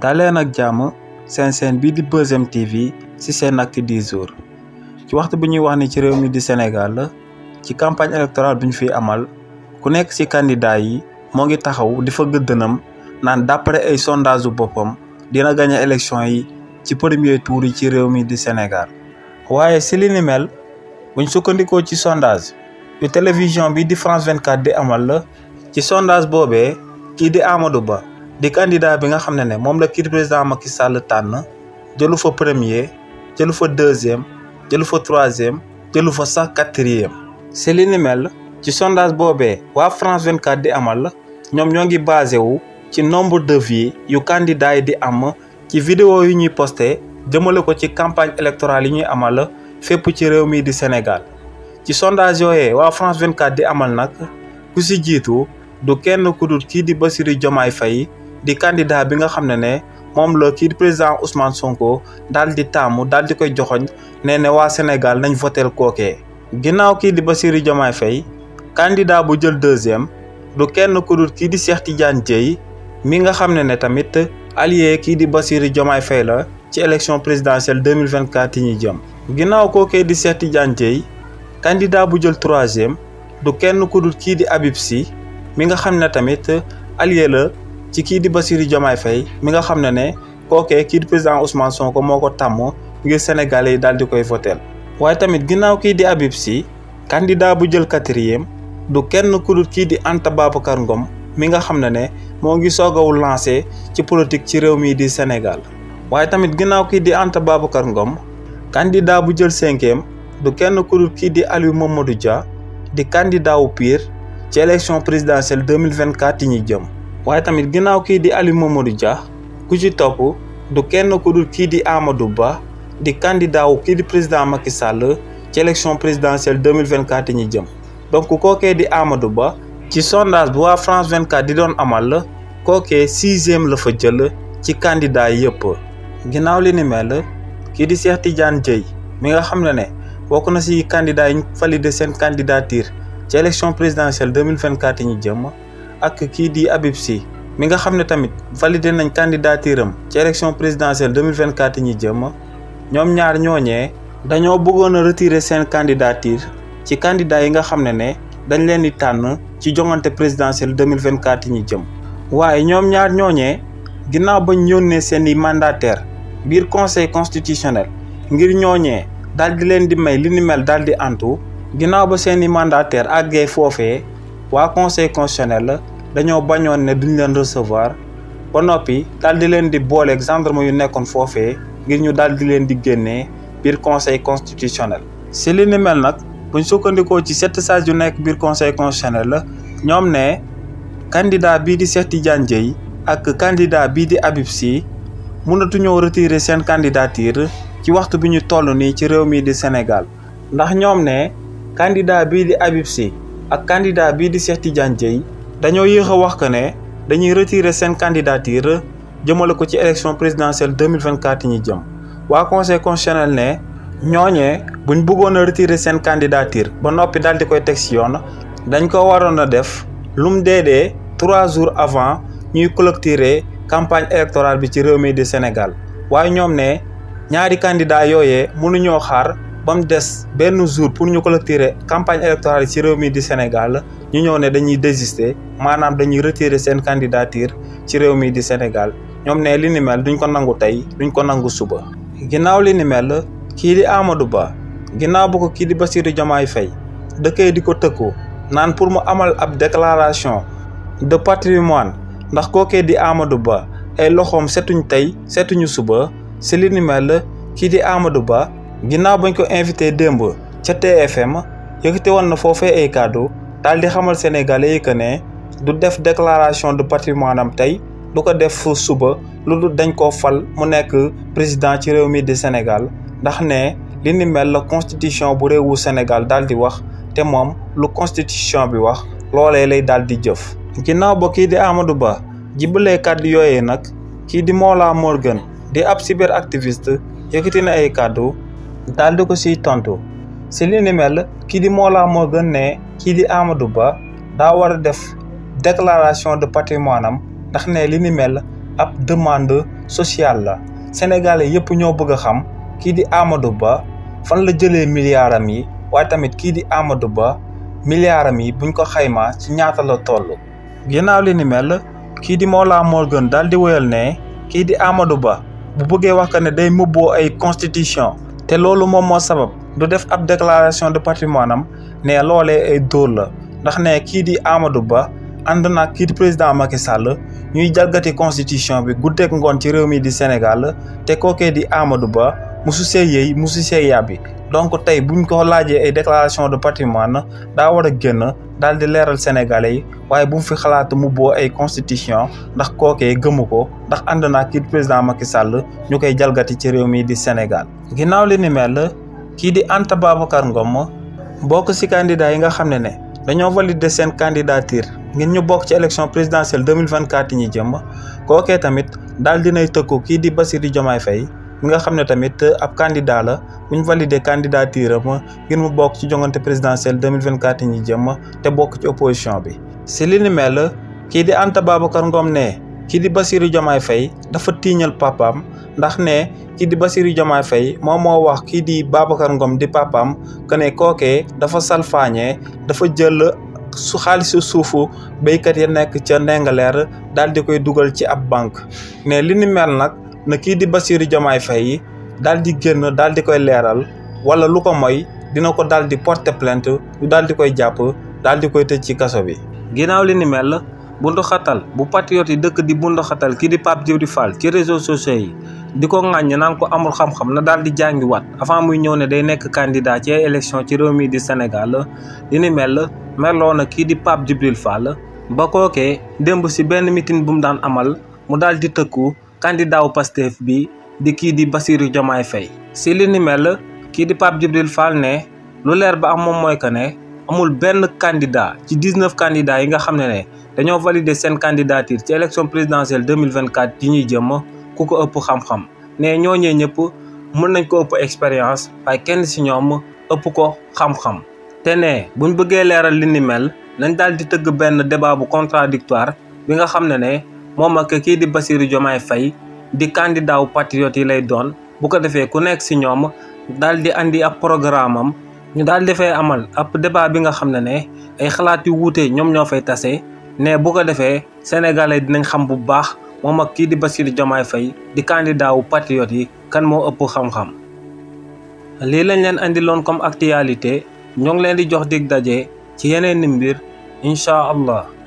daleen ak jàmm seen seen bii di Buzz M TV ci seen acte 10 jours ci waxtu bi ñuy wax ni ci réew mi di Sénégal ci campagne électorale bi ñu fiy amal ku nekk ci candidat yi moo ngi taxaw di fa gëddënam naan d'après ay sondage bu boppam dina gañe élection yi ci premier tour yi ci réew mi di Sénégal waaye ci li ni mel buñ sukkandikoo ci sondage yu télévision bi di France 24 di amal la ci sondage boobee kii di Amadou Ba di candidat bi nga xam ne ne moom la kii président Macky Sall tànn jëlu fa premier jëlu fa deuxième jëlu fa troisième jëlu fa sax quatrième. si li ni ci sondage boobee waa France 24 di amal ñoom ñoo ngi basé wu ci nombre de vies yu candidat di am ci vidéo yu ñuy posté jëmale ko ci campagne électorale yi ñuy amal fépp ci réew mii di Sénégal ci sondage yooyee waa France 24 di amal nag ku si jiitu du kenn ku dul kii di Bassirou Diomaye Faye di candidat bi nga xam ne ne moom la kii président Ousmane Sonko daal di taamu daal di koy joxoñ nee ne waa Sénégal nañ voteel kookee ginnaaw kii di Bassirou Diomaye Faye candidat bu jël deuxième du kenn ku dul kii di Cheikh Tidiane mi nga xam ne ne tamit allié kii di Bassirou Diomaye Faye la ci élection présidentielle 2024 yi ñuy jëm ginnaaw kookee di Cheikh Tidiane Dièye bu jël troisième du kenn ku dul kii di Habib mi nga xam ne tamit allié la ci ki di basiri jomay fay mi nga xamne ne ne ki di président Ousmane Sonko moko ko ngir sénégalais dal di koy voteel waye tamit ginnaw ki di Habib Sy candidat bu jël 4e du kenn ku dul ki di Anta Babacar Ngom mi nga xamne ne mo ngi lancer ci politique ci di Sénégal waye tamit ginnaw ki di Anta Babacar Ngom candidat bu jël 5e du kenn ku dul ki di Aliou Mamadou Dia di candidat au pire ci élection présidentielle 2024 yi jëm waaye tamit ginnaaw kii di Aliou Mamadou Dia ku ci topp du kenn ku dul kii di Amadou Ba di candidat wu kii di président Macky Sall ci élection présidentielle 2024 ñi jëm donc kookee di Amadou Ba ci sondage bu waa France 24 di doon amal la kookee sixième la fa jël ci candidat yëpp ginnaaw li ni mel kii di Cheikh Tidiane Dieye mi nga xam ne ne bokk na si candidat yi ñu validé seen candidature ci élection présidentielle 2024 ñi jëm ak kii di Habib Sy mi nga xam ne tamit validé nañ candidature am ci élection présidentielle 2024 yi ñi jëm ñoom ñaar ñooñee dañoo bëggoon a retirer seen candidature ci candidat yi nga xam ne ne dañu leen di tànn ci joŋante présidentielle 2024 yi ñi jëm waaye ñoom ñaar ñooñee ginnaaw bañ yónnee seen i mandataire biir conseil constitutionnel ngir ñooñee daal di leen di may li ni mel daal di antu ginnaaw ba seen i mandataire àggee foofee waa conseil constitutionnel dañoo bañoon ne duñ leen recevoir ba noppi dal di leen di booleeg gendarme yu nekkoon foofee ngir ñu dal di leen di génnee biir conseil constitutionnel. si li ni mel nag buñ sukkandikoo ci sept sages yu nekk biir conseil constitutionnel la ñoom ne candidat bii di Cheikh janjey ak candidat bii di Habib Sy mënatuñoo retirer seen candidature ci waxtu bi ñu toll nii ci réew mi di Sénégal ndax ñoom ne candidat bii di Habib ak candidat bii di Cheikh janjey dañoo yéex a wax que ne dañuy retirer seen candidature jëmale ko ci élection présidentielle 2024 ñi jëm waa conseil constitutionnel ne ñooñee buñ bëggoon a retirer seen candidature ba noppi daal di koy teg si yoon dañ ko waroon a def lum dee dee trois jours avant ñuy clôturer campagne électorale bi ci réew mi di Sénégal waaye ñoom ne ñaari candidat yooyee mënuñoo xaar ba mu des benn jours pour ñu clôturer campagne électorale ci réew mi di Sénégal ñu ñëw ne dañuy désister maanaam dañuy retirer seen candidature ci réew mii di Sénégal ñoom ne li ni duñ ko nangu tey duñ ko nangu suba. ginnaaw li ni mel kii di Amadou Ba ginnaaw bu ko kii di Bassirou Diomaye Faye dëkkee di ko tëkku naan pour mu amal ab déclaration de patrimoine ndax kookee di Amadou Ba ay loxoom setuñ tey setuñu suba si li kii di Amadou Ba ginnaaw bañ ko invité démb ca TFM yëkkati woon na foofee ay kàddu daal di xamal sénégal yi que ne du def déclaration de patrimoine am tey du ko def suba lu dul dañ koo fal mu nekk président ci réew mi di Sénégal ndax ne li ni mel la constitution bu réewu Sénégal daal di wax te moom lu constitution bi wax loolee lay daal di jëf. ginnaaw ba kii di Amadou Ba jibalee kàddu yooyee nag kii di Mollah Morgun di ab cyber activiste yëkkati na ay kàddu daal di ko siy tontu. si li ni mel kii di Mollah Morgun ne kii di Amadou Ba daa war a def déclaration de patrimoine am ndax ne li ni ab demande sociale la sénégalais yëpp ñoo bëgg a xam kii di Amadou Ba fan la jëlee milliards am yi waaye tamit kii di Amadou Ba milliards am yi buñ ko xayma ci ñaata la toll. ginnaaw li kii di moo gën daal di woyal ne kii di Amadou Ba bu bëggee wax que ne day mëbboo ay constitution te loolu moom moo sabab. du def ab déclaration de patrimoine am ne loolee ay dóor la ndax ne kii di Amadou Ba ànd na kii di président Macky Sall ñuy jalgati constitution bi guddeeg ngoon ci réew mi di Sénégal te kookee di Amadou Ba musu see yëy musu see yàbbi donc tey buñ ko laajee ay déclaration de patrimoine daa war a génn daal di leeral sénégalais yi waaye bu mu fi xalaat mu boo ay constitution ndax kookee gëmu ko ndax ànd na kii président Macky Sall ñu koy jalgati ci réew mi di Sénégal kii di Anta Babacar Ngom bokk ci candidat yi nga xam ne ne dañoo validé seen candidature ngir ñu bokk ci élection présidentielle 2024 ñi jëm kookee tamit daal dinay tëkku kii di Bassirou Diomaye fay mi nga xam ne tamit ab candidat la bu ñu validé candidature am ngir mu bokk ci jongante présidentielle 2024 ñi jëm te bokk ci opposition bi si li ni mel kii di Anta Babacar Ngom ne kii di Bassirou Diomaye fay dafa tiiñal papam ndax ne kii di Bassirou Diomaye fay moo moo wax kii di Babacar Ngom di papam que kooke kookee dafa salfaañee dafa jël su xaalisu suufu béykat yi nekk ca Ndingler daal di koy dugal ci ab banque ne li ni mel nag na kii di Bassirou Diomaye fay daal di génn daal di koy leeral wala lu ko moy dina ko daal di porter plainte ñu daal di koy jàpp daal di koy tëj ci kaso bi ginnaaw li ni mel bundo xatal bu patriote deuk di bundo xatal ki di diou di Fall ci réseaux sociaux yi di ko ŋàññ naan ko amul xam-xam na dal di wat avant muy ñew ne day nek candidat ci élection ci réew mi di Sénégal li ni mel melo na ki di pap Djibril Fall ba ke demb ci ben meeting bu mu dan amal mu dal di tekkou candidat wu Pastef bi di ki di Bassirou jamaay fay ci li ni mel ki di pap Djibril Fall ne lu leer ba am mom moy que ne amul ben candidat ci 19 candidat yi nga xamne ne dañoo valider seen candidature ci élection présidentielle 2024 yi ñuy jëm ku ko ëpp xam-xam ne ñooñee ñëpp mën nañ ko ëpp expérience waaye kenn si ñoom ëpp ko xam-xam te ne buñ bëggee leeral li ni mel nañ daal di tëgg benn débat bu contradictoire bi nga xam ne ne moom ak kii di Bassirou Diomaye Faye di candidat wu patriote yi lay doon bu ko defee ku nekk si ñoom daal di andi ab programme am ñu daal di fay amal ab débat bi nga xam ne ne ay xalaat yu wuute ñoom ñoo fay tase ne bu ko defee sénégalais dinañ xam bu baax moom ak kii di Bassirou Diomaye Faye di candidat wu yi kan moo ëpp xam-xam lii lañ leen indiloon comme actualité ñoo ngi leen di jox dig daje ci yeneen i mbir incha allah